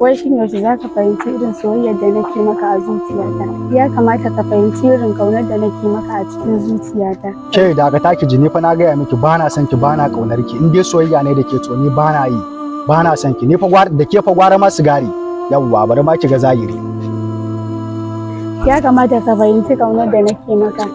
wai shin yaushe za ka fahimci irin soyayyar da nake maka a zuciyata ya kamata ka fahimci irin kaunar da nake maka a cikin zuciyata ke da aka taki ne fa na gaya miki ba na son ki ba na kaunar ki in dai soyayya ne da ke to ni ba na yi ba na son ki ni fa da ke fa gwara ma sigari yawwa bari ma ki ga zahiri ya kamata ka fahimci kaunar da nake maka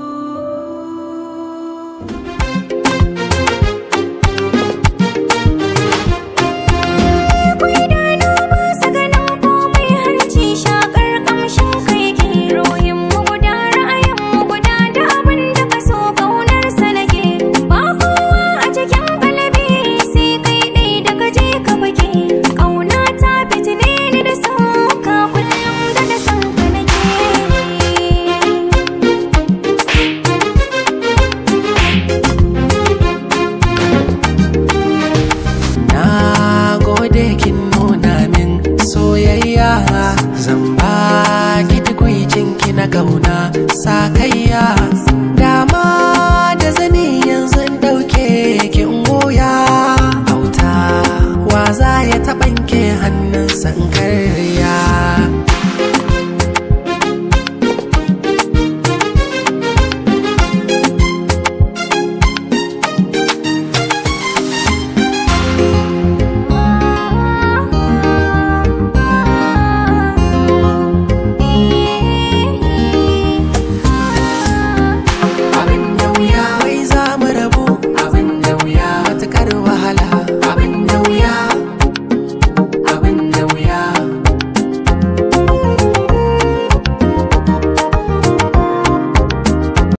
na kauna sakayya dama da zani yanzu dauke kin goya auta wa za ya taɓanke hannun in